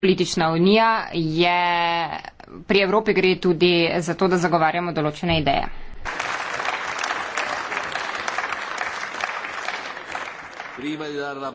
politična unija je pri Evropi gre tudi za to, da zagovarjamo določene ideje.